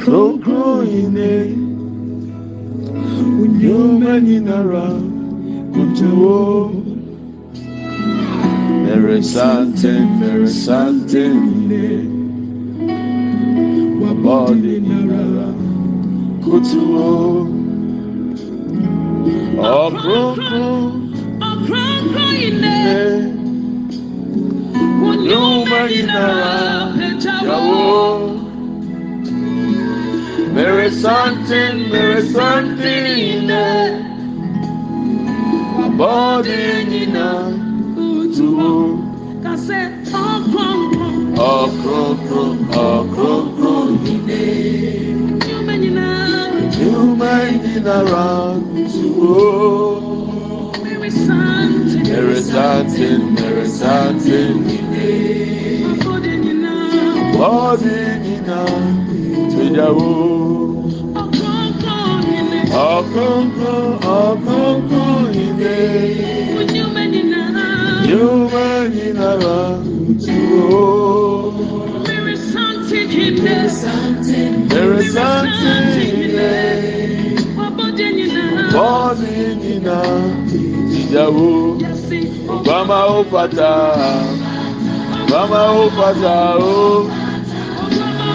Krokro ine Unyuma ninara Kutuo Mere sante, mere sante ine Wabodi ninara Kutuo Okrokro Okrokro ine Unyuma ninara Kutuo aee ìdáwó. ọ̀kọ̀ọ̀kan ọ̀kọ̀ọ̀kan ìdè. Yóò ní nàrà ìtúwò. There is something in this. There is something in this. Bọ́ọ̀lì nínà ìdáwó. Bàmá ó fàtà. Bàmá ó fàtà ó.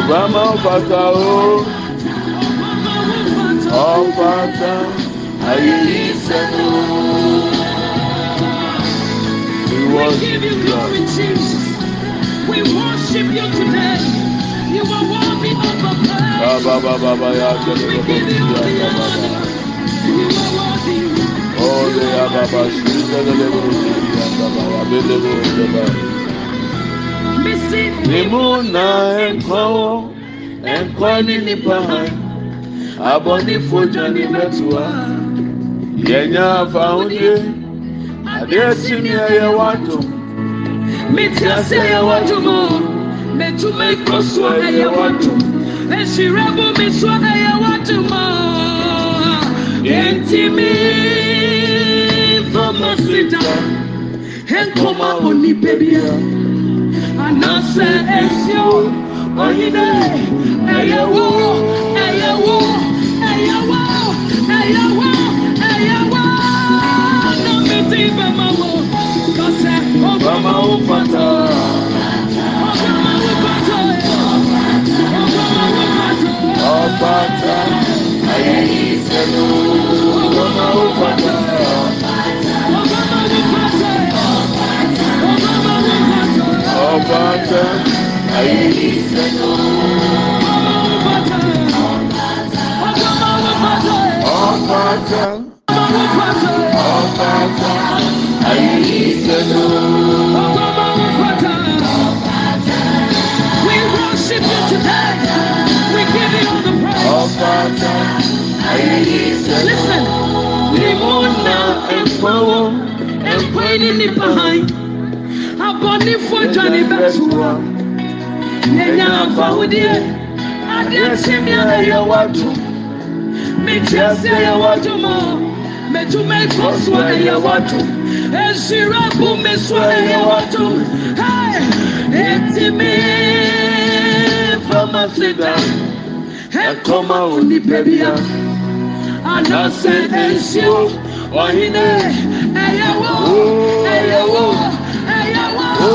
Obama ọ̀fàtà o. Ọ̀fàtà ayé yìí sẹ́nu. Ìwọ ìjìyà. We worship you today. You are worthy of the praise. Ba, ba, ba, ba, ya, we give you the honor. You are worthy. Oh, yeah, Baba, she's the devil. ni munaa hɛnkwɔwo ɛnkwɔni nipa han abɔdi fo yani bɛtua yɛnya afa wonde adeatiniayɛwadom mitiasiɛaɔ metumakɔsɛ esirɛbu misɔna yɛam ntimi famaseda henkɔmawo nipebia nس es mtفم Bata, We worship you today. We give you all the praise. Bata, Ailisa Listen, now and forward and put behind. abɔnifoɔ dwane bɛto wa yɛnya mfahodeɛ adeɛ kyemea na yɛwɔ adom mekyerɛ sɛ yɛwɔ adom a medwuma ikɔ soɔ na yɛwɔ adom nsira bu me soɔ na yɛwɔ adom ɛtimi fama sida ɛkɔma wo nipa bia anasɛ ɛnsuo ɔhene ɛyɛ wo Oh,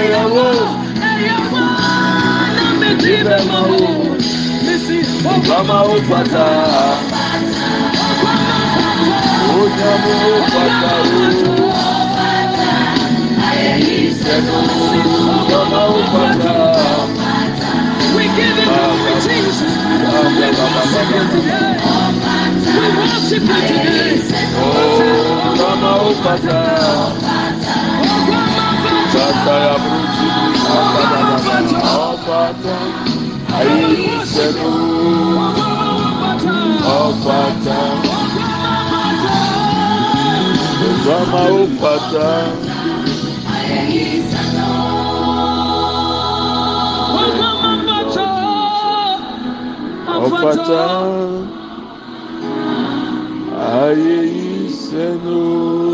ẹ̀yàwó. Ẹ̀yàwó náà méjì bẹ̀ máa wò. Mísì ọgbà máa wò pàtà. Ó dá mú wò pàtà o. Ìṣẹ̀dùn ọgbà máa wò pàtà. We give it all to Jesus. We worship you today. We worship you today. Oh, Mama Opata. Batalha aí você Ó patrão Deus ama o patrão Ó aí Senhor.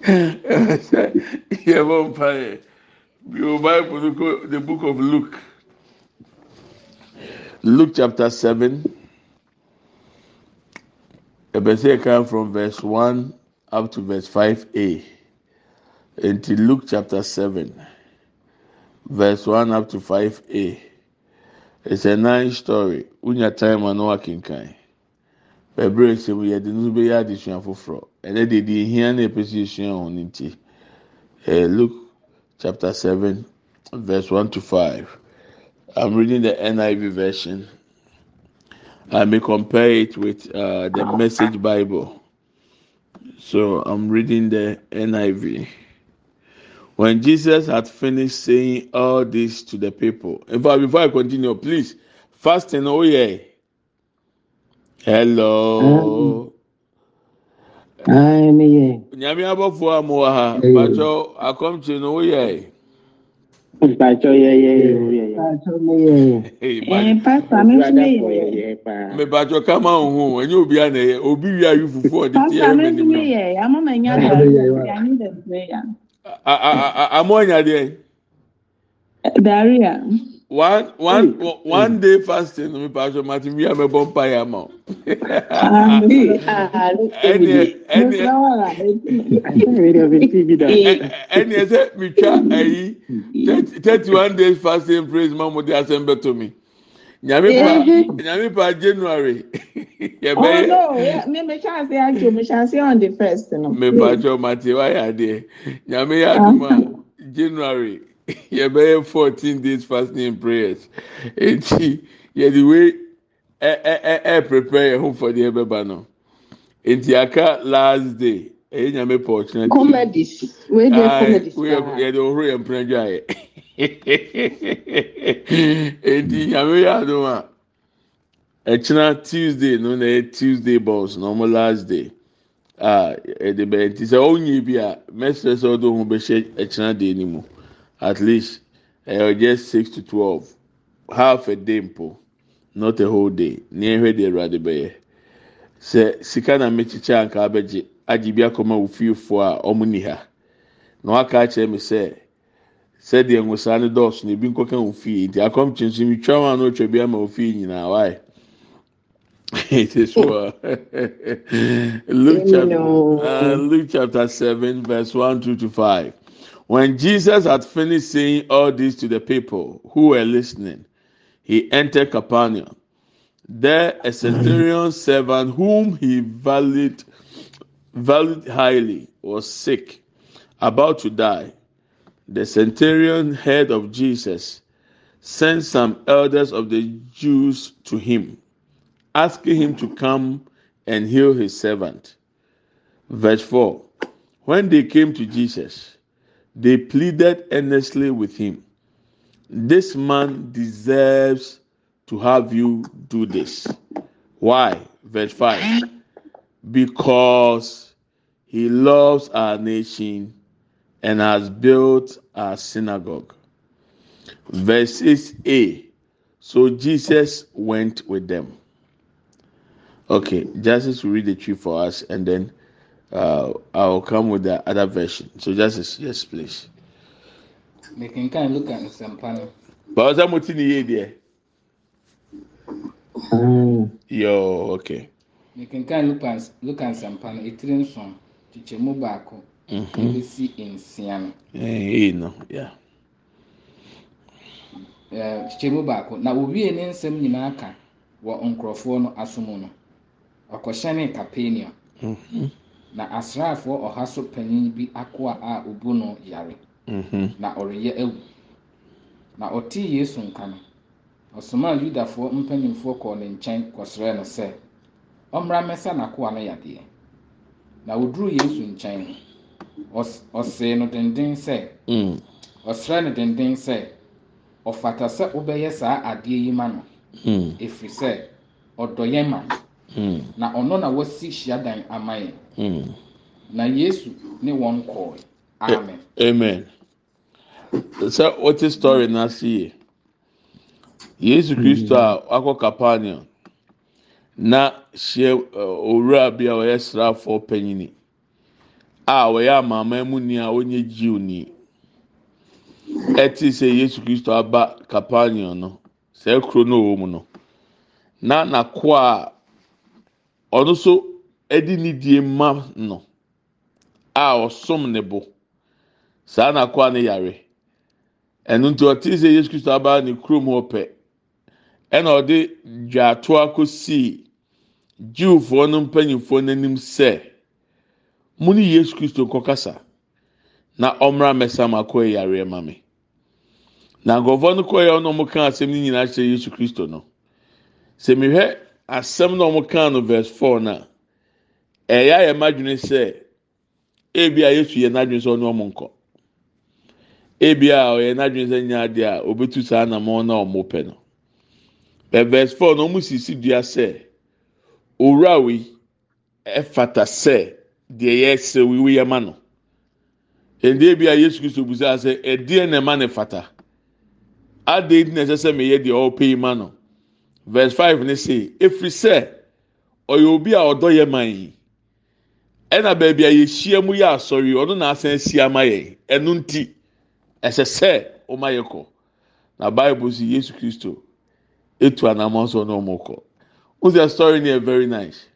he book of lklk chaper 7 eeskm from verse 1 upto ves 5a nti luk chapter 7 ves 1 upto5 a isanie story oyatanoknk bɛbrɛ sɛ wo yɛde no bɛyɛ adesua foforɔ ɛnɛ deɛ deɛ ehia na ɛpɛ sɛ esua wɔn ne nti ɛɛ Luke chapter seven verse one to five I'm reading the NIV version I may compare it with uh, the Message Bible so I'm reading the NIV. When Jesus had finished saying all this to the people, in fact, before I continue, please, fasting, oh yeah, hello. ayi mi yɛ. nyame abɔfo a mo wɔ ha bàtɔ akɔmkye no woyɛ. bàtɔ yɛ yɛ yɛ yɛ. ɛɛ pásítọ̀ mi fún mi yɛ. mɛ bàtɔ kama ohun ɛnyɛ obi a na yɛ obi wi ayi fufu ɔdi tiɛ ɛmɛ nimu. pásítọ̀ mi fún mi yɛ àmọ́ mɛ nyà dùn àyè yanni dẹ̀ fẹ́ yà. àmọ́ ɛnyà deɛ. dàríà one one one day fasting mi paaso ma ti mi yà mẹbọ mpa yà ma o. ẹni ẹni ẹni ẹsẹ mi twa ẹyi thirty one days fasting praise ma mo di asẹm bẹ to mi nyamipa eh, eh. nyamipa january yẹ bẹ yẹ. ọ̀nà mi mi ṣaasi ajo mi ṣaasi on the first. mi paaso ma ti wáyà adìẹ nyamiya duma january. yɛbɛyɛ fue days fist nam prayers nti yɛde wei prepare yɛho fɔdeɛbɛba no nti aka last day yɛ nyamepɛw kyena yɛde wohro yɛ mpra dwoayɛ nti nyame yɛadom a ɔkyena tuesday no nayɛ tuesday bons noɔmo last dayɛde bɛɛnti sɛ ɔnye bi a mɛsrɛ sɛ wodeho bɛhyɛ kyenadeɛ ne mu at least uh, eh, just six to twelve half a day not a whole day nea ehwɛ de awurade bɛyɛ sɛ sika na Ajibia anka abɛgye agye bi akɔma ofiefoɔ a wɔn ni ha na waka akyerɛ mi sɛ sɛdeɛ nwosaa ne dɔɔso na ebi nkɔka ofie nti akɔmkye nso mi twa wɔn a na otwa bi ama ofie nyinaa it is oh. well. Luke, chapter, uh, Luke chapter 7, verse 1 2 to 5. When Jesus had finished saying all this to the people who were listening, he entered Capernaum. There, a centurion servant whom he valued, valued highly was sick, about to die. The centurion heard of Jesus sent some elders of the Jews to him, asking him to come and heal his servant. Verse 4 When they came to Jesus, they pleaded earnestly with him. This man deserves to have you do this. Why? Verse 5 Because he loves our nation and has built our synagogue. Verses a So Jesus went with them. Okay, Jesus to read the tree for us and then uh, I'll come with the other version. So just yes, please. Mekin kan look at Sampano. But ọsàn mo in the idea. deɛ. Yo, okay. Mekin kan look at look at Sampano etiri nson kyekyɛ mu baako. Ebi si nsia no. Ee no, ya. Kyekyɛ mu baako na owie ne nsɛm nyinaa ka wɔ nkurɔfoɔ no asom no. Ɔkɔhyɛne Capernaum. Mm -hmm. na asraafoɔ ɔha so panyin bi akoa a obu no yare mhm. na ɔreyɛ awu na ɔte yesu nka no ɔsomaa yudafoɔ mpanimfoɔ kɔɔ ne nkyɛn kɔsrɛ no sɛ ɔmmra mmɛsa n'akoa no yadeɛ na ɔduru yesu nkyɛn no ɔsee no denden sɛ mm. ɔsrɛ no denden sɛ ɔfata sɛ wobɛyɛ saa adeɛ yi ma no ɛfiri mm. sɛ ɔdɔ yɛn ma no Hmm. na ɔno na wasi hyiadan ama yɛn hmm. na yesu ne wɔn kɔɔ amen. amen. sɛ wote story no ase yie yesu kristo a hmm. wakɔ capernaum na hyɛ owura bi a ɔyɛ srafoɔ panyini a ɔyɛ amaaman mu ni a ɔnyɛ jiw ni ɛte sɛ yesu kristo aba capernaum no sɛ kuro no ɔwɔ mu no na n'akoa a. ɔno nso de ne die ma no a ɔsom ne bo saa na akoa ne yare ɛno nti ɔte sɛ yesu kristo abaa ne kurom hɔ pɛ ɛna ɔde dwaatoa kɔsii jiwfoɔ no mpanyinfoɔ n'anim sɛ mo ne yesu kristo nkɔkasa na ɔmmra mmɛsa ma akɔyɛ yareɛ ma me na nkurɔfoɔ no kɔyɛ ɔno ɔmo ka asɛm no nyinaa kyerɛ yesu kristo no sɛ mehwɛ asɛm na wɔn kan no verse four na ɛyɛ ayɛ madwene sɛ ebi a yesu yɛ n'adwene sɛ ɔne wɔn nkɔ ebi a ɔyɛ n'adwene sɛ nya adeɛ a obetu saa anamɔn na wɔn pɛ no but verse four na wɔn sisi dua sɛ owura wi ɛfata sɛ deɛ yɛsɛ wi wi yɛ ma no ɛdeɛ bi a yesu kristo busa sɛ ɛdeɛ na ɛma ne fata adeɛ na ɛsɛ sɛ meyɛ deɛ ɔpɛ yi ma no. verse five ne se efiri sɛ ɔyɛ obi a ɔdɔ yɛ man yi ɛna baabi a yɛhyia mu yɛ asɔre ɔno na asan si ama yɛn ɛno nti ɛsɛ sɛ ọma yɛ kɔ na bible si yesu kristo etu anamọ nso na ɔmo kɔ who's their story near very nice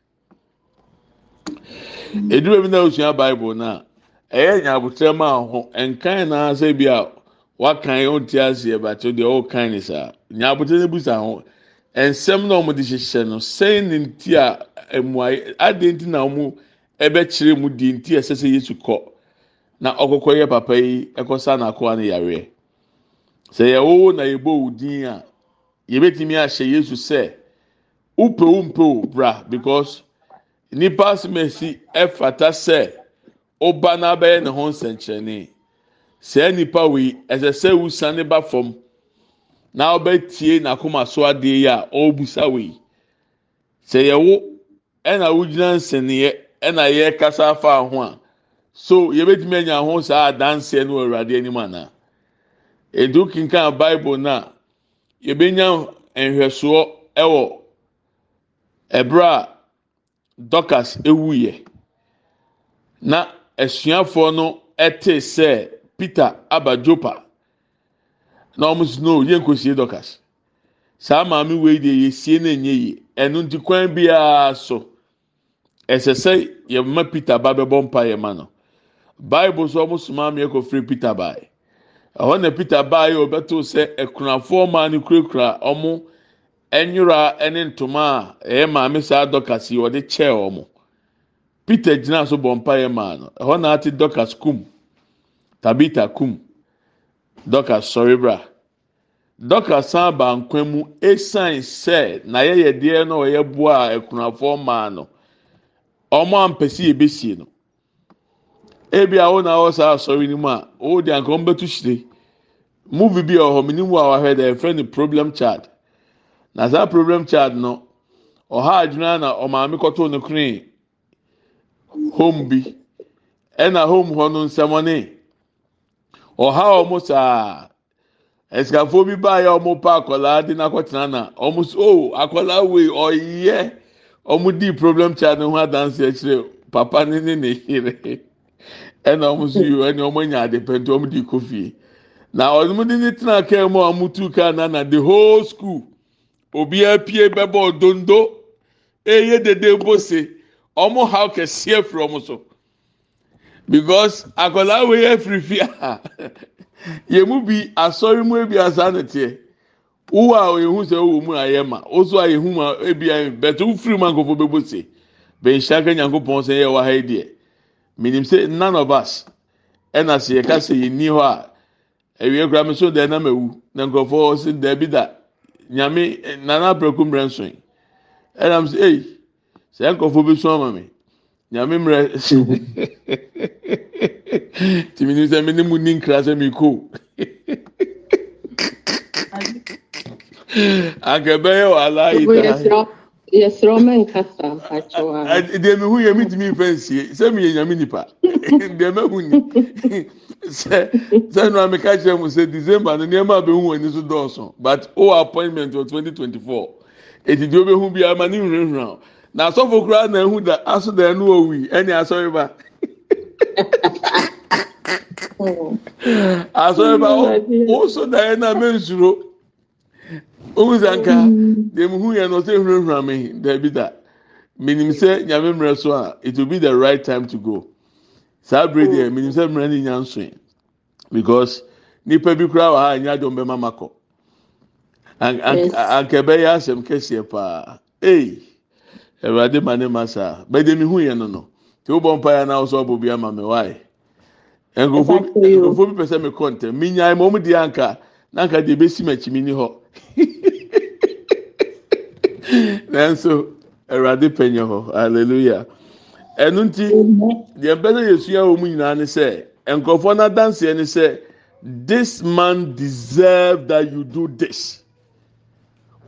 eduru mi na osua bible na ɛyɛ nyabotrɛm a ho nkan na asɛ bi a wakan o ti aseɛ bàtɛ ọ ɔkan ne saa nyabotrɛm ne busa ho. nsɛm na wɔde hyehyɛ no sɛn ne nti a mmuaeɛ adeɛ nti na wɔn bɛkyerɛ mu di nti a ɛsɛ sɛ yesu kɔ na ɔkɔkɔ yɛ papa yi ɛkɔsa n'akoa no yareɛ sɛ yɛwowo na yɛbɔ wo din a yɛbɛtumi ahyɛ yesu sɛ wopɛwo mpɛwo bra because nipa asemesi ɛfata sɛ ɔba n'abɛyɛ ne ho nsɛnkyerɛnne sɛ nipa wei ɛsɛ sɛ wusa ne ba fam. na tie na wobɛtie n'akoma so adeɛ yi a ɔrebusa wei sɛ yɛwo na wogyina nsɛnniɛ ɛna yɛrekasa afa ho a so yɛbɛtumi anya ho saa adanseɛ no wɔ awurade anim ana edu kinkan bible na yɛbɛnya nhwɛsoɔ ɛwɔ ɛbrɛ a ewu ewuiɛ na asuafoɔ no ɛte sɛ peter aba na wɔn nso no yɛ nkosie dɔkas saa maame wei deɛ esie na enye yi, ɛnu nti kwan biara so ɛsɛ sɛ mma peter ba bɛbɔ mpa yɛ ma no bible so wɔn soma mi ɛkɔ firi peter baae ɛhɔ na peter baae ɔbɛto sɛ ɛkunafoɔ maa no kurakura wɔn ɛnwura ɛne ntoma a ɛyɛ maame saa dɔkas yi wɔde kyɛɛ wɔn peter gyina so bɔ mpa yɛ ma no ɛhɔ na ate dɔkas kum tabita kum. dɔka sɔre bra dɔka san bankwa nkwa mu esan sɛ n'ayɛyɛdeɛ na ɔyɛ boa a ɛkunafoɔ maa no ɔmo ampɛsi ebesie no ebi a wɔn a wɔn saa asɔre no mu a wɔn de anka wɔn bɛtu hyire movie bi a ɔhɔ minimu a wahwɛ dɛ ɛfrɛ no problem child na saa problem child no ɔha adwuma na ɔmaame kɔtɔɔ ne kren home bi ɛna home hɔ no nsɛmɔ ọha wɔn saa asikafoɔ bi baa ya wɔn pa akwadaa de n'akɔtena na wɔn so o akwadaa wei ɔyɛ wɔn di problem child ne ho adansi akyire papa ne ne ne yere ɛna wɔn so yi ɛna wɔn anya ade pɛntɛ wɔn di kɔ fie na wɔn de ne tena kaa mu a wɔn tu kaa na na the whole school obi pie bɛbɔ dondo eye dede mbose wɔn ha kɛseɛ firi wɔn so. because akwadaa wei afiri fi a yɛn mu bi asɔre mu ebi asa ne teɛ a yɛhu sɛ wowɔ mu ma oso a yɛhu ma ebi a bɛtɛ wofiri mu ankɔfo bɛbɔ se bɛnhyia ka nyankopɔn sɛ yɛ wɔ ha yi deɛ sɛ none of us ɛna sɛ yɛka sɛ hɔ a awia kura mi so deɛ ewu na nkurɔfoɔ da nyame eh, nana ɛnam sɛ sɛ nkurɔfoɔ bi so ama nyame mmerɛ tìmí ni sɛ mene mu ni nkira sɛ mi kó akɛbɛyɛ wàhálà yìí tán. yɛsrɛ ma nkasa mpakyɛwa deɛ mehu yɛ metumi mfa nsie sɛ meyɛ nyame nipa deɛ mahu ni sɛ sɛ no a meka kyerɛ mu sɛ december no nneɛma a bɛhu w'ani so dɔɔso but owɔ appointment wɔ 2024 ɛti deɛ wobɛhu biara ma ne nhwerɛhwerɛ na asɔfo koraa na ehu da aso da ɛnu owi ɛni asɔreba asɔreba woso mm. da yɛ na mɛ nsuro ohun zanka mm. deɛ mu hu yɛ no ɔsɛ ehurahura mi dɛbi da minim sɛ nyame mmerɛ so a it will be the right time to go saa bere deɛ minim sɛ mmerɛ ni nya nsoe because nipa bi koraa wɔ ha anya dɔm bɛma ma kɔ anka ɛbɛyɛ asɛm kɛseɛ paa ee. Hey awurade ma ne ma saa bɛde mi hu yɛ no no te o bɔ mpaeɛ na ɔsɔ ɔbɔ bi ama mi waaye nkurɔfoɔ nkurɔfoɔ bi pɛ sɛ mi kɔ ntɛm mi nyaa ma ɔmo di anka nanka deɛ ebesi ma akyi mi ni hɔ nanso awurade pɛnyɛ hɔ hallelujah ɛnu nti deɛ mpɛ sɛ yɛsua wɔn mu nyinaa ne sɛ nkurɔfoɔ n'adanseɛ ne sɛ this man deserve that you do this.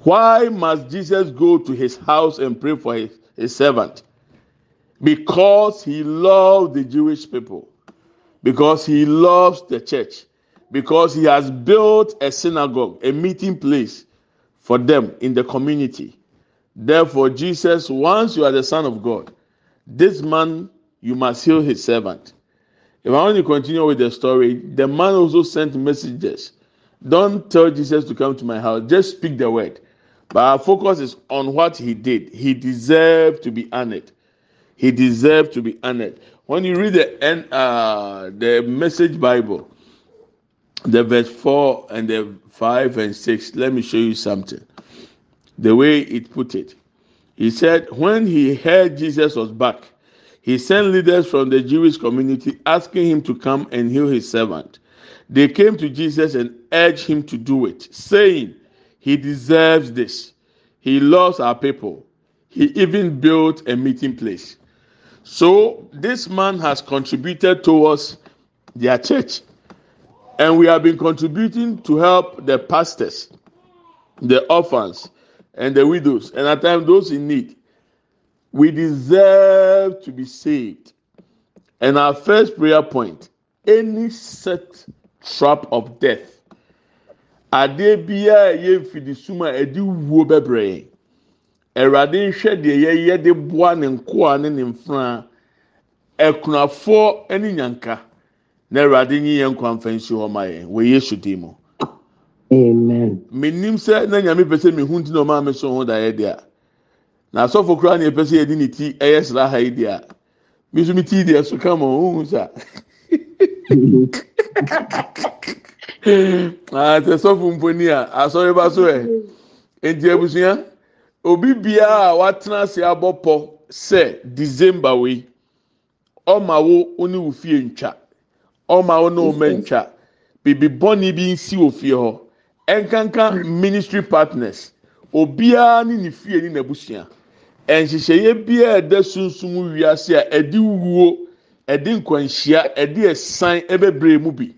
Why must Jesus go to his house and pray for his, his servant? Because he loved the Jewish people, because he loves the church, because he has built a synagogue, a meeting place for them in the community. Therefore, Jesus, once you are the Son of God, this man, you must heal his servant. If I want to continue with the story, the man also sent messages. Don't tell Jesus to come to my house, just speak the word. But our focus is on what he did. He deserved to be honored. He deserved to be honored. When you read the uh, the Message Bible, the verse four and the five and six, let me show you something. The way it put it, he said, when he heard Jesus was back, he sent leaders from the Jewish community asking him to come and heal his servant. They came to Jesus and urged him to do it, saying he deserves this. He loves our people. He even built a meeting place. So this man has contributed towards their church. And we have been contributing to help the pastors, the orphans, and the widows, and at times those in need. We deserve to be saved. And our first prayer point any set trap of death adeɛ biara a ɛyɛ mfidi sum a ɛde wuo bebree awurade nhwɛ deɛ yɛyɛ de boa ne nkoa ne ne mfra ɛkunafoɔ ne nyanka na awurade nyi yɛn nkwa mfa nsi hɔ ma yɛn wɔ yesu din amen. menim sɛ na nyame pɛ sɛ mehu nti na ɔmaa me so ho da yɛ deɛ na asɔfo koraa na yɛpɛ sɛ yɛde ne ti ɛyɛ sra ha yi deɛ me nso me ti deɛ so ka ma ohun sa. àti ah, sọfún mponi a ah, asọrọba so ẹ nti ebusua obi biara a watena ase abọ pọ sẹ december wei ọma wo ne wo fie ntwa ọma wo ne ọma ntwa bibi bọni bi nsi wo fie hɔ nkankan ministry partners obiara ne ne fie ne n'abusua nhyehyɛeɛ biara ɛda sunsun wiase a ɛde wuo ɛde nkwanhyia ɛde ɛsan ɛbɛbrɛ mu bi.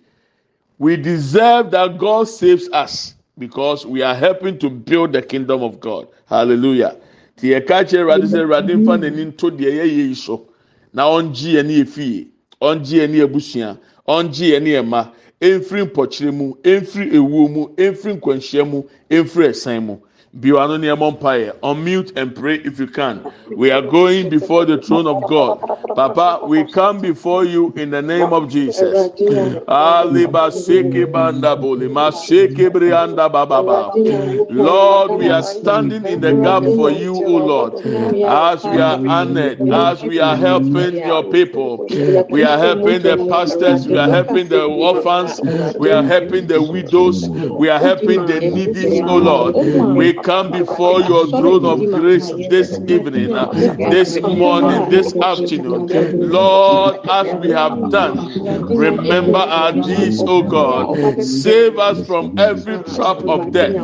we deserve that God saves us because we are helping to build the kingdom of God. Hallelujah. Ti ẹ̀ka kyerɛ Awurade sɛ Awurade nfa n'ani nto deɛ yɛyɛ yi so na ɔngye yɛn ne efie, ɔngye yɛn ne ebusua, ɔngye yɛn ne ɛma, efiri mpɔkyerɛ mu, efiri ewuo mu, mu, mu. Biwano Niamon Paye. Unmute and pray if you can. We are going before the throne of God. Papa, we come before you in the name of Jesus. Lord, we are standing in the gap for you, O Lord. As we are honored, as we are helping your people, we are helping the pastors, we are helping the orphans, we are helping the widows, we are helping the needy, O Lord. We come before your throne of grace this evening, uh, this morning, this afternoon. Lord, as we have done, remember our deeds, O God. Save us from every trap of death,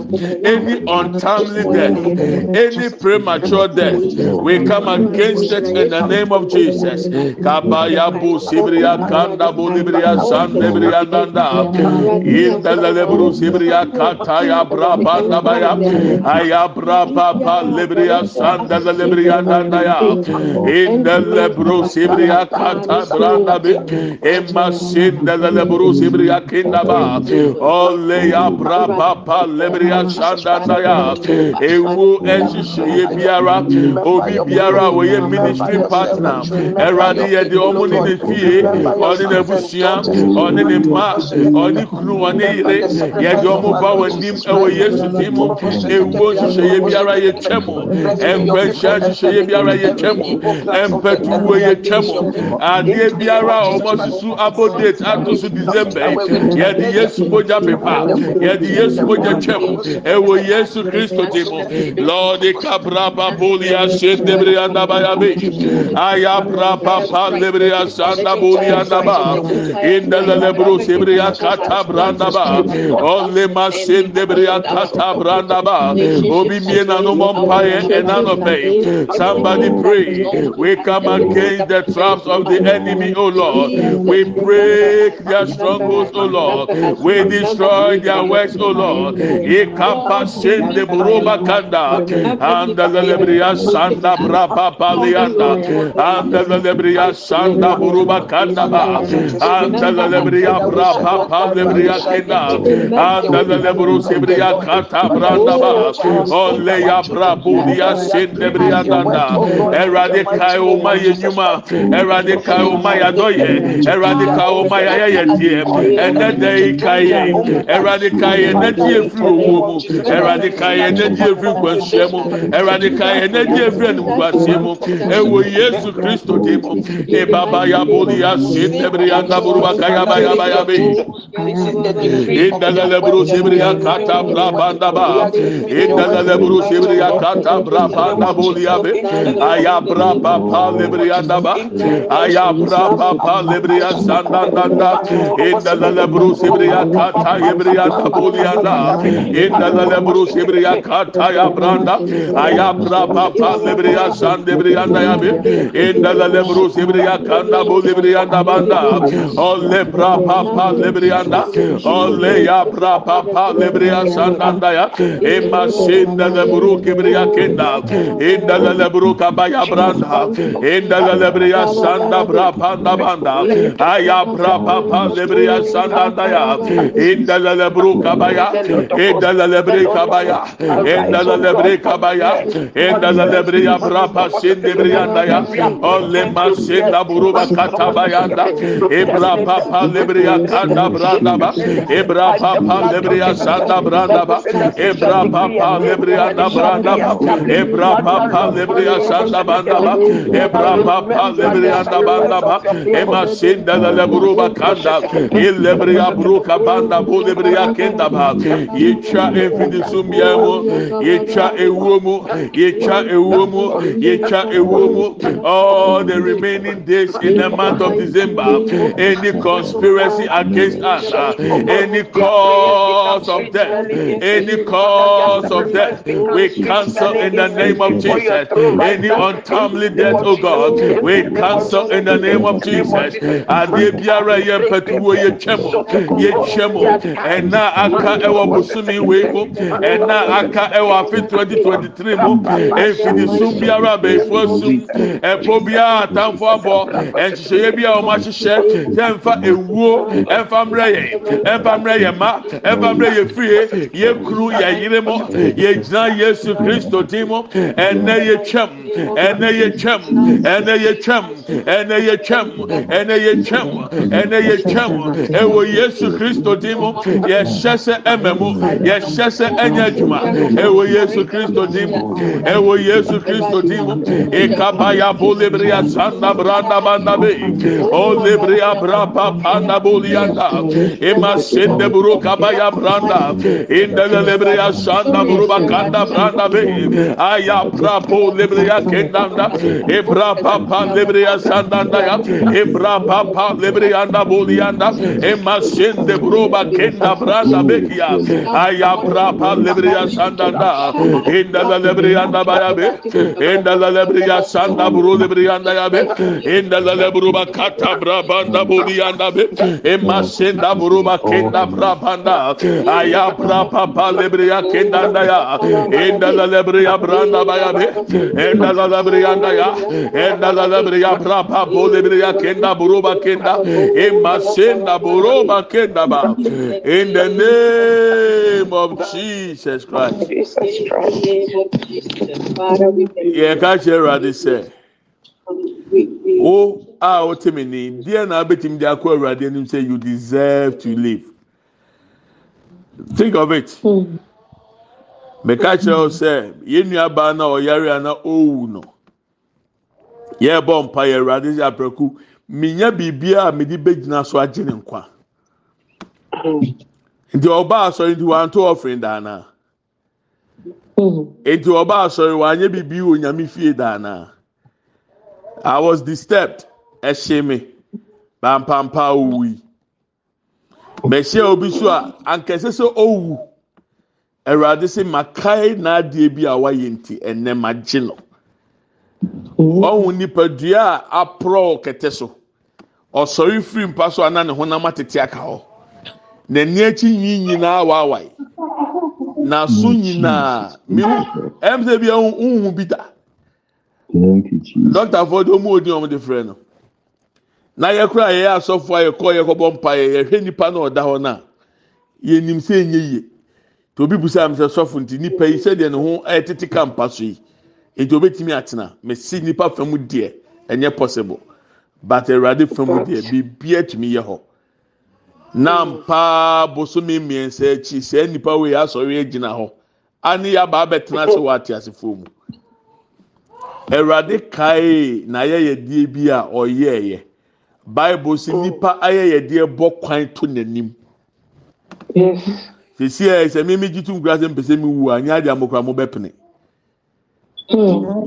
any untimely death, any premature death. We come against it in the name of Jesus. Aya brapa pa lebria sanda la lebria nanda ya. Inda lebro sibria kata branda bi. Emma sinda la lebro sibria kinda ba. Ole ya brapa pa lebria sanda nanda ya. Ewu eshi ye biara. Obi biara wo ye ministry partner. Erani ye de omo ni ne fie. Oni ne busia. Oni ne ma. Oni kunu oni ile. Ye de omo ba wo nim ewo Yesu timu. Ewu beye bara ye cemo enbecsieye biara ye cemo empetuwe ye cemo adie biara omasusu abodet atus dicembe yɛd yesu boja pepa ed yesu boja cemo ewo yesu kristo demo lodikabrababolia sende brea naba yame aya brapa palebra sandaboliandaba indelelebrosebra katabrandaba onlema sende brea kata brandaba Obi Miena and none Somebody pray. We come against the traps of the enemy, O Lord. We break their strongholds, O Lord. We destroy their works, O Lord. Ikapa the buruba kanda. the lelebriya sanda brapa palianda. Anda lelebriya sanda buruba kanda ba. the lelebriya brapa palibriya kenda. and the sibriya kata branda ba ole ya brabudi ya Indalale buru sibri ya kata brapa na bolia be. Aya brapa pa libri ya daba. Aya brapa pa libri ya sanda danda. Indalale buru sibri ya kata libri ya da bolia da. Indalale buru sibri ya kata ya branda. Aya brapa pa libri ya sanda libri ya da ya be. Indalale buru sibri ya kanda bolibri ya da banda. Ole brapa pa libri ya da. Ole ya brapa pa libri ya sanda da ya. Emas shinda leburu kibriya kenda inda leburu kabaya branda inda lebriya sanda brapanda banda aya brapapa lebriya sanda daya inda leburu kabaya inda lebri kabaya inda lebri kabaya inda lebriya brapa shindi briya daya ole masinda buru bakata bayanda ibra papa lebriya kanda branda ba ibra papa lebriya sanda branda ba ibra papa pa lebria da branda ebra pa pa lebria sanda banda ba ebra pa pa lebria da banda ba ema sinda da lebru ba kanda il lebria bru ka banda bu lebria kenda ba yecha evidi sumbia mu yecha e uomo, yecha e uomo, yecha e uomo. all the remaining days in the month of December any conspiracy against us any cause of death any cause powers of death. We cancel in the name of Jesus. Any untimely death, oh God, we cancel in the name of Jesus. Adebiara ye petuwo ye chemo, ye chemo. Ena aka ewa busumi webo, ena aka ewa afi 2023 mu. Efidisum biara befo sum. Epo biara atamfo abo. Enhyehyɛ biara ɔmo ahyehyɛ. Yɛ nfa ewuo, ɛnfa mmerɛ yɛ, ɛnfa mmerɛ yɛ ma, ɛnfa mmerɛ yɛ fie, yɛ kuru yɛ yere mu. yɛgyina yesu kristo din mu ɛnɛ yɛtwam ɛnɛ yɛtwam ɛnɛ yɛtwam ɛnɛ yɛtwam ɛnɛ yɛtwam ɛnɛ yɛtwam ɛwɔ yesu kristo din mu yɛhyɛ sɛ ɛmɛ mu yɛhyɛ sɛ ɛnyɛ adwuma ɛwɔ yesu kristo din mu ɛwɔ yesu kristo din mu ekabaya bo lebriya sanda branda banda be o lebriya brapa panda bolianda ema sende buru kabaya branda indelelebriya sanda ruba kanda branda be aya prapo lebriya kendanda ebra papa lebriya sandanda ya ebra papa lebriya da boliyanda emasin de ruba kenda branda be ya aya prapa lebriya sandanda inda la lebriya da baya be inda la lebriya sanda buru lebriya da ya be inda la lebruba kata brabanda boliyanda be emasin da buru kenda brabanda aya prapa lebriya kenda teofctm tmoseo tinofit meka kyerɛ wo sɛ yɛn nuabaa na ɔyare a na ɔwu no yɛrebɔ mpa yɛ awurade sɛ aprɛku menya biribiara a mede bɛgyina so agye ne nkwa nti ɔbaa asɔre nti wanto ɔfiri daana mm-hmm. nti ɔbaa asɔre wanyɛ biribi wɔ nyame fie daanaa i was disturbed ɛhyɛ me bampampa owu yi mɛhyia obi so a ankɛse sɛ ɔwu. awurade sɛ makae n'adeɛ bi a wayɛ nti ɛnɛ magye no nnipa dua a aporɔ kete so ɔsɔre firi mpa so ana ne honam atete aka hụ, n'ani echi nyi nyinaa waawae n'asụ nyinaa mmiri emsa sɛ bi ɛhu nhu bi da Dọkịta afọ dị ọmụ odi ọmụ dị fere no na ya kura ya asɔfo ya yɛ kɔ yɛ kɔbɔ mpa ya ya hwɛ nnipa na ɔda hụ na ya nim sɛ enye ihe. nti obi busa mi sɛ sɔfo nti nipa yi sɛdeɛ ne ho ɛtete ka mpa so yi nti obetumi atena mɛ si nipa fam deɛ ɛnyɛ possible but awurade fam deɛ biribi atumi yɛ hɔ na mpaa bosomi mmiɛnsa akyi sɛ nipa wei asɔre agyina hɔ ani yaba abɛtena ase wɔ ate asefoɔ mu awurade kae na ayɛyɛdeɛ bi a ɔyɛɛyɛ bible si oh. nipa ayɛyɛdeɛ bɔ kwan to n'anim. Yes sisi ẹ sẹ mi mi gyi tum kura sẹ mpẹsẹ mi wu a nyɛ adi amokora mo bɛ pene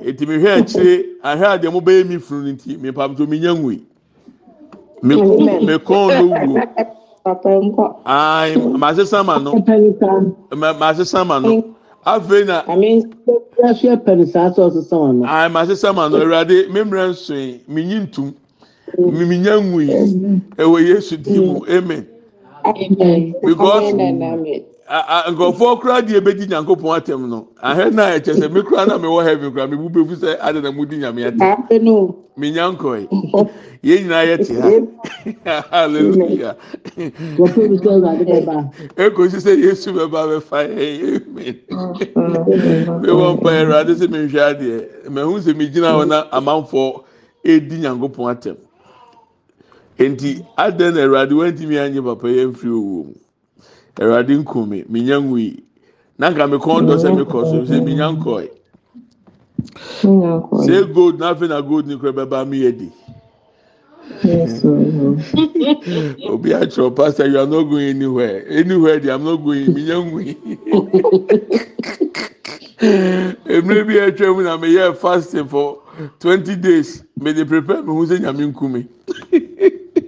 eti mi hwɛ akyire ahwɛ adi mo bɛyɛ mi funu ne ti mi pam to mi nya nwui mi mi kɔn no wu ayi maa se sama no maa se sama no afei na ayi maa se sama no ewurade mi mìíràn mi nyi ntum mi mi nya nwui ɛwɔ yesu di mu amen. bausnkɔfoɔ kora deɛbɛdi nyankopɔn atm no ahɛ na ɛkyɛ sɛ me koraa no mewɔ heavin koraa mebubɛfu sɛ ade na modi nyameat menya nkɔe ɛ nyinaa yɛ te ha allelua ɛkɔsi sɛ yɛsu bɛba bɛfaɛ ɛme mɛwɔ mpayɛwurade se menhwɛa deɛ mahu sɛ megyina hɔ na amanfɔ di nyankopɔn atm nti adan na awurade wantumi anyi papa yɛn firi owo mu awurade nkumi minya nwui na nka mi kɔn dɔ sɛ mi kɔ so sɛ minya nkɔɛ sɛ gold n'afɛ na gold ni kura bɛba mi yɛ di obi atwerɛ pastor you are not going anywhere anywhere de i'm not going minya nwui emire bi atwa mu na mi fasting for twenty days me dey prepare me ho sɛ nyame nkumi.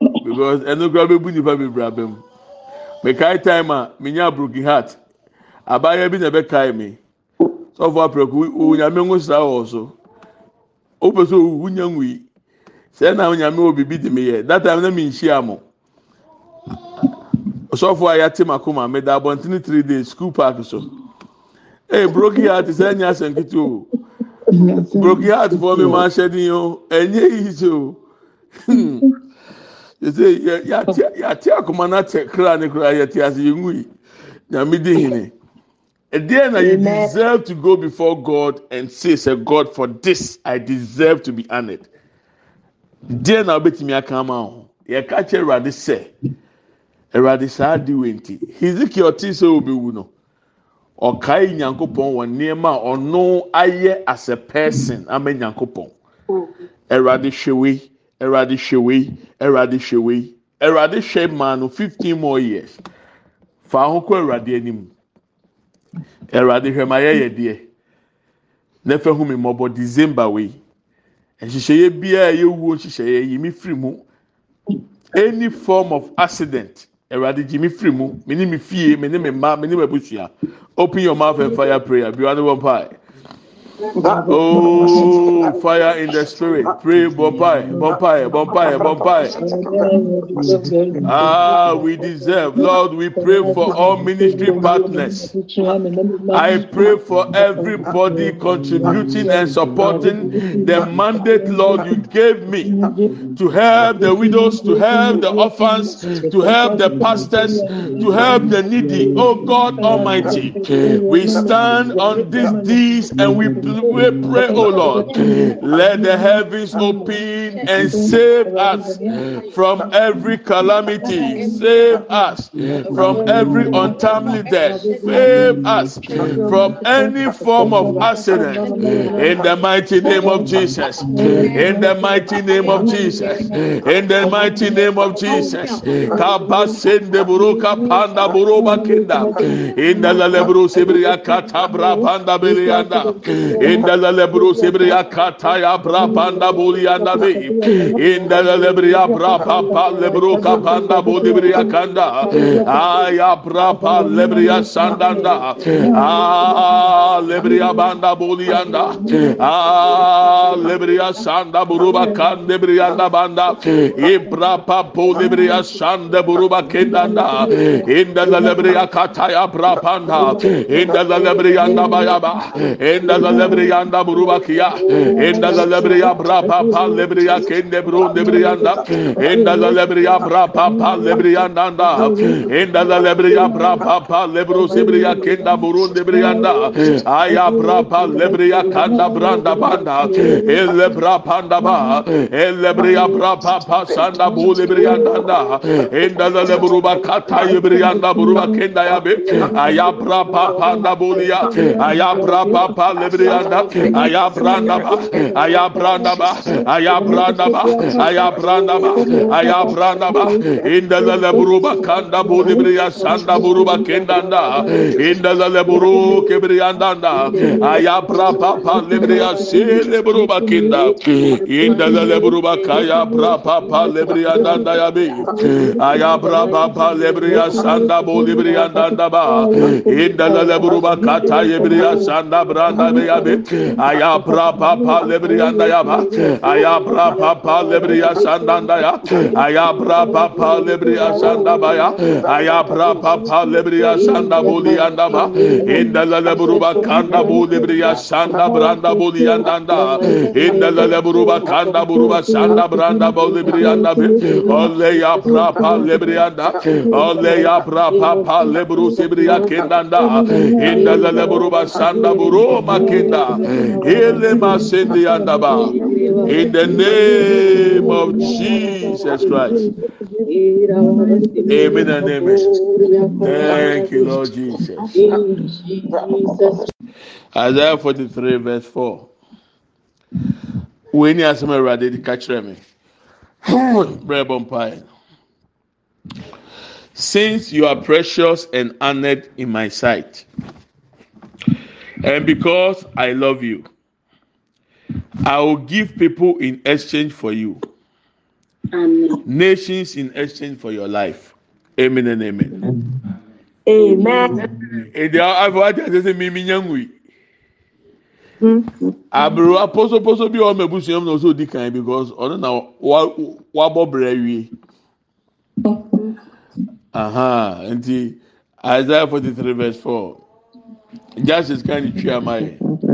because ɛnu kura bɛ bu nipa bebree abɛm mekae time a menya broken heart abaayewa bi na ɛbɛ kae mi sɔfo apɛku onyame ŋo sira wɔ so o pɛ so owu nwụọ ŋui sɛ na onyame wɔ bibi di mi yɛ that time na mi n a yate ma koma mi da abɔntene three days school park so ee broken heart sɛ ɛnya asɛn ketewa o broken heart fɔ mi ma ahyɛ ni o so. yɛate koma no kra ne koa yɛtease yɛwui nyamede hine deɛ na yɛ deserve to go before god and s sɛ god for this i deserve to be anod deɛ na wobɛtumi aka maho yɛka kyer awrade sɛ awrade saa de wɛnti hezekiel ɔtee sɛ wɔbɛwu no ɔkae nyankopɔn wɔ nnoɔma a ɔno ayɛ asa person ama nyankopɔn oh. wrade hwɛwei Eradi Shewei, Eradi Shewei, Eradi Sheman, 15 more years. Fahoko Eradi Enim. Eradi Hemaya Yedie. Nefe Humi Mobo December Wei. Nhyehyɛeɛ biara a yɛwuo nhyehyɛeɛ yi mi firi mu any form of accident Awurade gye mi firi mu mi ne mi fie mi ne mi mma mi ne mi abusua open your mouth and fire prayer bi wa ne wɔn paa. Oh, fire in the spirit. Pray, bombay, bombay, bombay, bombay. Ah, we deserve. Lord, we pray for all ministry partners. I pray for everybody contributing and supporting the mandate, Lord, you gave me to help the widows, to help the orphans, to help the pastors, to help the needy. Oh, God Almighty, we stand on these deeds and we we pray, O oh Lord, let the heavens open and save us from every calamity. Save us from every untimely death. Save us from any form of accident. In the mighty name of Jesus. In the mighty name of Jesus. In the mighty name of Jesus. Kabasende buruka panda buruba of Inda katabra panda bilianda. indele lebru sebri akata ya brapanda buli andabi indele lebri ya pa lebru kapanda buli bri akanda aya brapa lebri ya sandanda a lebri banda buli anda a lebri sanda buruba kande bri anda banda ibrapa buli bri ya sanda buruba kendanda indele lebri akata ya brapanda indele lebri anda bayaba indele lebre yanda enda la lebre bra pa pa lebre kende bro lebre enda la lebre bra pa pa lebre yanda enda la lebre bra pa pa lebro sebre ya kenda buru lebre yanda aya bra pa lebre kanda branda banda ele bra nda ba ele bre ya bra pa pa sanda bu lebre enda enda la lebro ba kata lebre yanda buruba kenda ya be aya bra pa panda bu ya aya bra pa pa lebre ayabranda ayabranda ayabranda ayabranda ayabranda ayabranda indelele buruba kanda budi budibriya sanda buruba kendanda indelele buru kebriyandanda ayabra papa lebriya sile buruba kinda indelele buruba kaya bra papa lebriya danda yabi ayabra papa lebriya sanda budibriya danda ba indelele buruba kata yebriya sanda branda briya Yabi, Ayabra Papa Lebrianda Yaba, Ayabra Papa Lebria Sandanda Ya, Ayabra Papa Lebria Sandabaya, Ayabra Papa Lebria Sandabuli Andaba, Indelele Buruba Kanda Bulibria Sanda Branda Buli Andanda, Indelele Buruba Kanda Buruba Sanda Branda Bulibrianda, Ole Yapra Papa Lebrianda, Ole Yapra Papa Lebru Sibria Kindanda, Indelele Buruba Sanda Buru Makin in the name of Jesus Christ. Amen and amen. Thank you, Lord Jesus. Isaiah 43, verse 4. When you ask ready to catch me. Brebon pie. Since you are precious and honored in my sight. And because I love you, I will give people in exchange for you. Amen. Nations in exchange for your life. Amen and amen. Amen. Èdè àbúwájà ṣẹ̀ṣẹ̀ mi mi yẹn wì. Àbúrò apọ́sọ́pọ́sọ́ bí ọmọ ẹ̀bùsùn yẹn náà ṣó di kan yẹn because ọ̀nà na wà bọ̀ bẹ̀rẹ̀ And Nti Isaiah forty three verse four. jastis kae ne tweamayɛya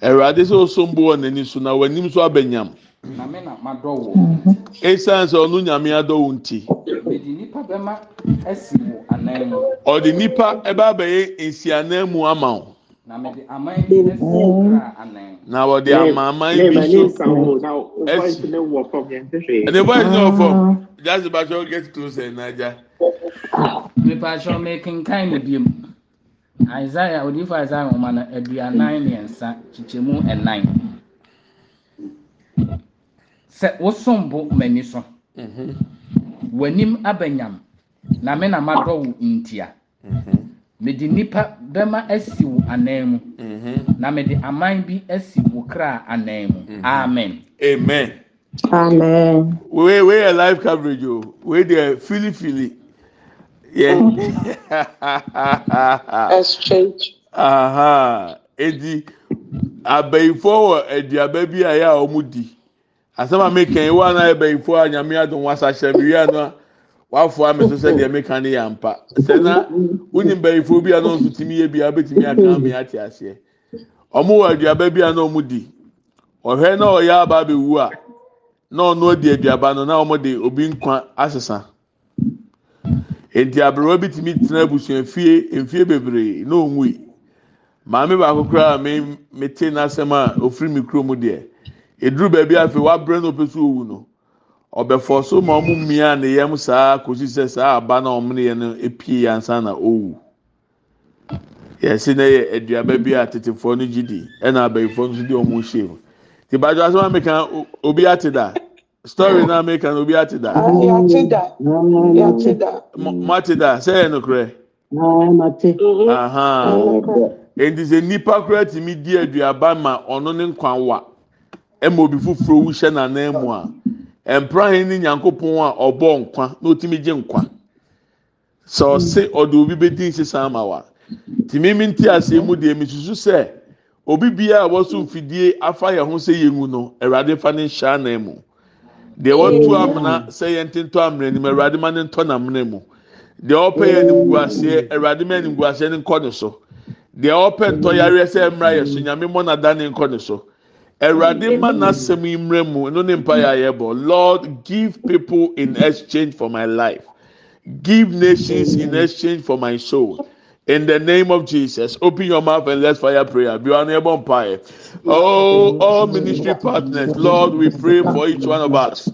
awurade sɛ wosom bo wɔ 'ani so na w'anim nso abɛnyam ɛsiane sɛ ɔno nnyame adɔwo nti nipa bɛma ɛsi wɔ anan mu. ɔde nipa ɛbɛ abɛyɛ nsi anan mu ama o. na mɛde aman bi ɛsi wɔ anan. na wɔde amaman bi so ɛsi ɛdi bɔ ɛsi wɔ fam jazzy basho get closer n'aja. nipa asɔ mɛkinkan ne bi mu isaiah odifo isaiah nwoma no aduanan mmiɛnsa kyekyɛmu ɛnan sɛ wosom bo m'ani so. Mm -hmm w'anim abɛnyam na me na madɔ wo ntia mhm. mede nipa bɛma asi wo anan mu mhm. na mede aman bi asi wo kra anan mu mhm. amen. amen. amen. wey wey yɛ live coverage o wey dey filifili. ɛdi mm. abɛyifoɔ wɔ aduaba bi a yɛ a wɔn di asɛm a meka yi na ɛbɛyifo a nyame adum wasa hyɛ mi wia no wafo ame so sɛ deɛ meka ne yɛ mpa sɛ na wonyi bɛyifo bi a na ɔnso timi yɛ bi a ɔbɛtumi aka mi ate aseɛ ɔmo wɔ aduaba bi a na di ɔhwɛ na ɔyɛ aba abɛwu a na ɔno adi aduaba no na ɔmo de obi nkwa asesa nti aberewa bi tumi tena abusua fie mfie bebree na onwui maame baako koraa me me te n'asɛm a ofiri mi kurom deɛ. eduru baabi afei wabere na ope owu no ɔbɛfɔ so ma ɔmo mmea ya mụ saa kosi sɛ saa aba na ɔmo ya na epie ya nsa na owu yasị na yɛ eduaba bi a tetefoɔ no gyi di ɛna abɛyifoɔ nso di ɔmo hyɛ mụ te baadu aso ma meka obi ate da story na meka obi ate da. yate da yate da. mo ate da sɛ yɛ no korɛ. ɛnti sɛ nipa korɛ di eduaba ma ɔno ne nkwa wa. ɛma obi foforo wuhyɛ n'anan mu a mpran ne nyankopɔn a ɔbɔ nkwa na otumi gye nkwa sɛ ɔse ɔde obi bɛdi nsesa ama wa tìmí mi ti ase mu deɛ misusu sɛ obi biara a wɔso mfidie afa yɛn ho sɛ yɛn mu no awurade fa ne nhyɛ anan mu deɛ wɔtu amena sɛ yɛn ti ntɔ amena nim awurade ma ne ntɔ n'amena mu deɛ ɔpɛ yɛn anim gu aseɛ awurade ma anim gu aseɛ ne nkɔ ne so deɛ ɔpɛ ntɔ yareɛ sɛ yɛ so nyame ne nkɔ ne so. awurade ma nasɛm yimmerɛ mu no ne mpa yɛ a yɛbɔ lord give people in exchange for my life give nations in exchange for my soul In the name of Jesus, open your mouth and let's fire prayer. Be unable by Oh, all ministry partners, Lord, we pray for each one of us.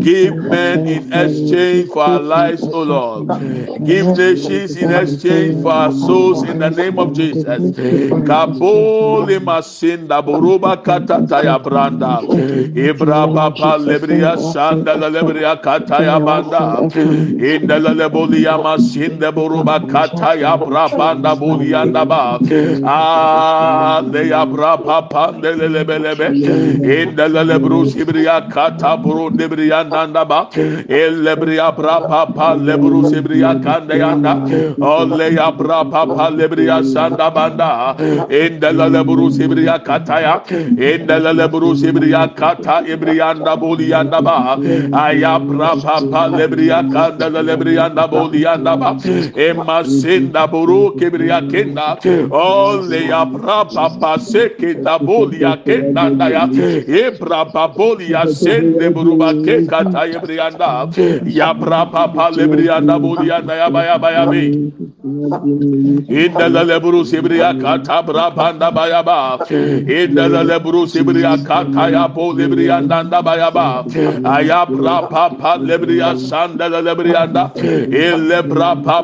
Give men in exchange for our lives, oh Lord. Give nations in exchange for our souls in the name of Jesus. Kabole masinda branda. kataya banda. kataya brapanda burianda ba ah de ya brapapa de be, in de lebrus ibria kata buru de brianda da ba el lebria brapapa lebrus ibria kande yanda ole ya brapapa lebria sanda banda in de lebrus ibria kata ya in de lebrus ibria kata ibrianda burianda ba aya brapapa lebria kanda lebrianda burianda ba emasinda buru kebriya kenda ole ya braba pase ke tabolia kenda na ya e braba bolia sende buruba ke kata ebrianda ya braba pale brianda bolia ya baya baya be inda la le buru sebriya kata braba na baya ba inda la le buru sebriya kata ya bo lebrianda baya ba aya braba pale sanda lebrianda ele braba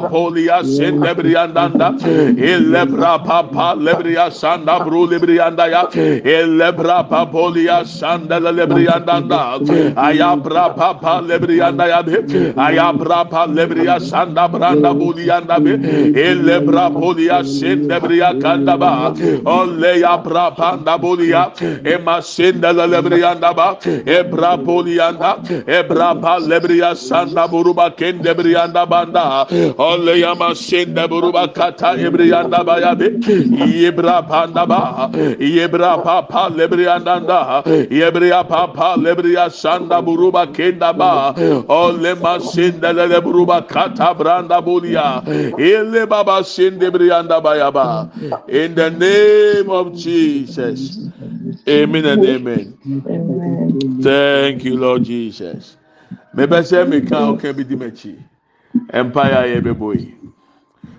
sende briya lebriyandanda illebra papa lebriya sanda bru lebriyanda ya illebra papoliya sanda lebriyandanda ayabra papa lebriyanda ya ayabra pa lebriya sanda branda buliyanda be illebra poliya sendebriya kanda ba ya yabra panda buliya ema senda lebriyanda ba ebra poliyanda ebra pa lebriya sanda buruba kendebriyanda banda olle yama sende buru ruba kata ebriyanda bayabe yebra panda ba yebra papa lebriyanda da yebra papa lebriya sanda buruba kenda ba ole masinda le buruba kata branda bulia ele baba sinde briyanda bayaba in the name of Jesus amen and amen, amen. thank you lord jesus mebɛsɛ meka ɔka bi di m'akyi empire ye be boy.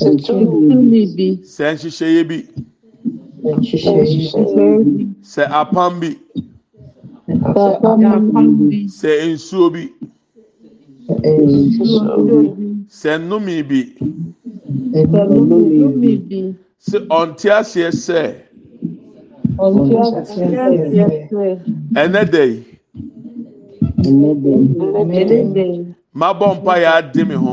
sɛ nhyehyɛyɛ bi sɛ apan bi sɛ nsuo bi sɛ nnomi bi sɛ ɔnteaseɛ sɛ ɛnɛ dai m'abɔ mpa yɛade me ho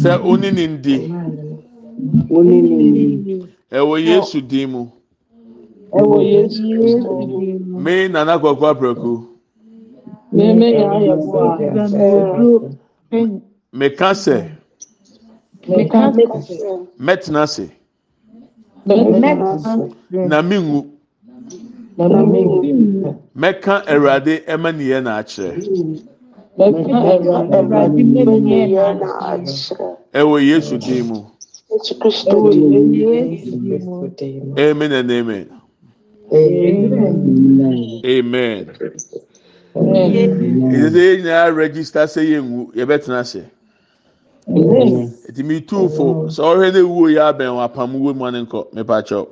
sɛ wone ne ndi ɛwɔ yesu din mu me nana kɔkɔ aprɛku meka sɛ mɛtena ase na menwu mɛka awurade ɛma niyɛ na akyerɛ wɔ yesu den muamnmnamen ɛsi sɛ yɛ gyina ɛ aregister sɛ yɛwu yɛbɛtena sɛ ɛntimitofo sɛ ɔhwɛ ne ɛwuo yɛ abɛn wɔ apam wɔmu a ne nkɔ mepakyɛw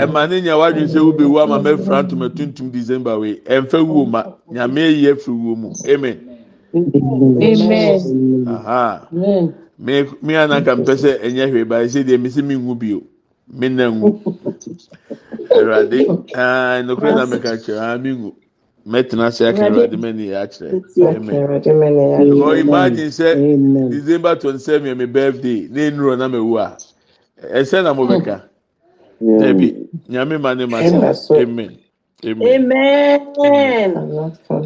ɛma ne nya wadwin sɛ wobɛwu ama mɛfra ntoma tuntum december wei ɛmfa wuo ma nyame ayi afiri wuo mu amen me anaka mpɛ sɛ ɛnyɛ hwee bae sɛ deɛ mesɛ menwu bio mena nwu awurade nokorɛ na mɛka kyerɛ menwu mɛtena sɛ aka awurade mani yɛ akyerɛ imagine sɛ december 27 yɛ me birthday na ɛnuro na mawu a esena movekatebi hmm. nyamemanemasena amen